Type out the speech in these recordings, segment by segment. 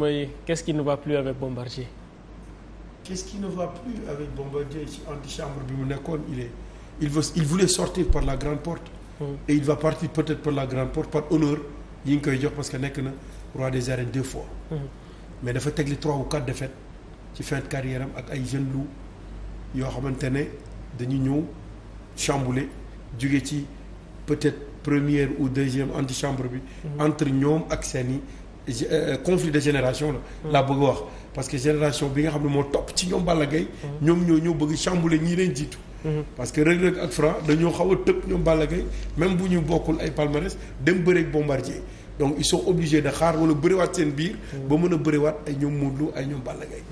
mooy qu'est-ce qui ne va plus avec Bombardier. qu'est-ce qui bi mu nekkoon il est il veut il voulait sortir la grande porte. Hmm. et peut-être par la grande porte par honneur yi ngi koy jox parce que nekk na roi des arènes deux fois. Hmm. mais dafa teg li trois ou quatre défaites ci fin de ak ay jeunes loups yoo xamante ne dañu ñëw chambouler jóge ci peut-être première ou deuxième antichambre bi. Hmm. entre ñoom ak seen Euh, euh, conflit de génération la. Hmm. laa bëgg wax parce que génération bi nga xam ne moo topp ci ñoom Balla Gaye hmm. ñoom ñoo ñoo bëgg chambouler ñii leen jiitu. Hmm. parce que Reug Reug ak Franc dañoo xaw a tëb ñoom Balla Gaye même bu ñu bokkul ay palmarès dem bëreeg bombardier donc il sont obligés de xaar wala bëriwaat seen biir. ba mën a bëriwaat ay ñoom Modou Lô ay ñoom Balla Gaye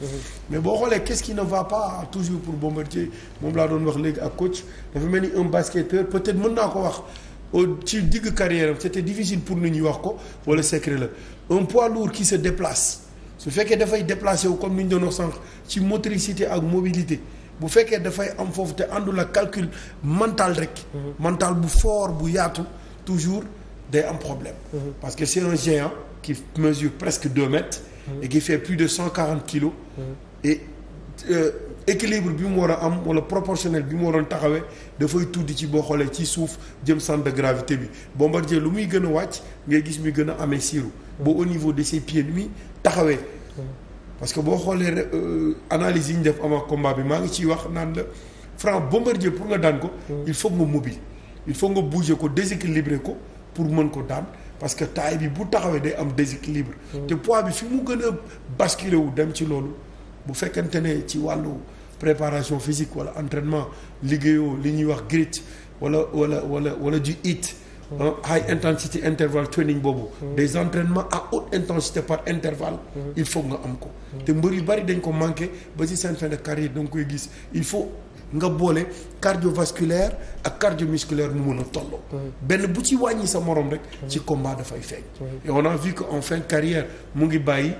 mais boo xoolee qu'est-ce qui ne va pas toujours pour bombardier moom laa doon wax léegi ak coach dafa mel ni un basketteur peut-être mën naa ko wax. au ci digg carrière c'était difficile pour nu ñi wax ko wala secret la un poids lourd kii se déplace su fekkee dafay déplacé wu comme ni ñu doon wax sànq ci motricité ak mobilité bu fekkee dafay am foofu te àndul ak calcul mental rek. Mhm. mental bu foor bu yaatu toujours day am problème. Mhm. parce que c'est un géant qui mesure presque deux mètres. Mhm. et qui fait plus de cent quarante kilos. et euh, équilibre bi mu war a am wala proportionnel bi mu waroon taxawee dafay tuuti ci boo xoolee ci suuf jëm centre de gravité bi bombardier lu muy gën a wàcc ngay gis muy gën a amee siiru ba au niveau de ses pieds mi taxawee parce que boo xoolee euh, analyse yi ñu def avant combat bi maa ngi ciy wax naan la Franc bombardier pour nga daan ko il faut nga mobile il faut nga bouger ko déséquilibrer ko pour mën ko daan parce que taille bi bu taxawee day am déséquilibre mm. te poids bi fi mu gën a basculer wu dem ci loolu bu fekkente ne ci wàllu préparation physique wala entraînement liggéeyoo li ñuy wax grit wala wala wala wala du hit mm. high intensity interval training boobu mm. des entraînements à haute intensité par intervalle mm. il faut nga am ko te mbër yu bari dañ ko manqué ba ci seen fin de carrière da nga koy gis il faut nga boole cardiovasculaire ak cardiomusculaire mu mën a tolloo benn bu ci wàññi sa moroom rek ci combat dafay feeñ et on a vu que en fin de carrière mu ngi bàyyi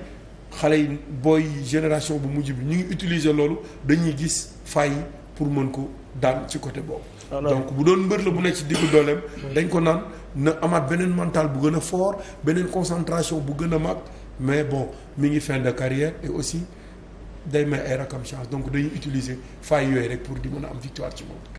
xale yi booy génération bu mujj bi ñu ngi utiliser loolu dañuy gis failles yi pour mën ko daan ci côté boobu. Ah, donc bu doon mbër la bu nekk ci diggu dooleem. dañ ko naan na amaat beneen mental bu gën a foor beneen concentration bu gën a mag mais bon mi ngi fin de carrière aussi day may ay rakam chance donc dañuy utiliser failles yooyu rek pour di mën a am victoire ci moom.